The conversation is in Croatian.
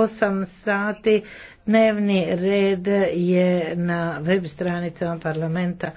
Osam sati dnevni red je na web stranicama parlamenta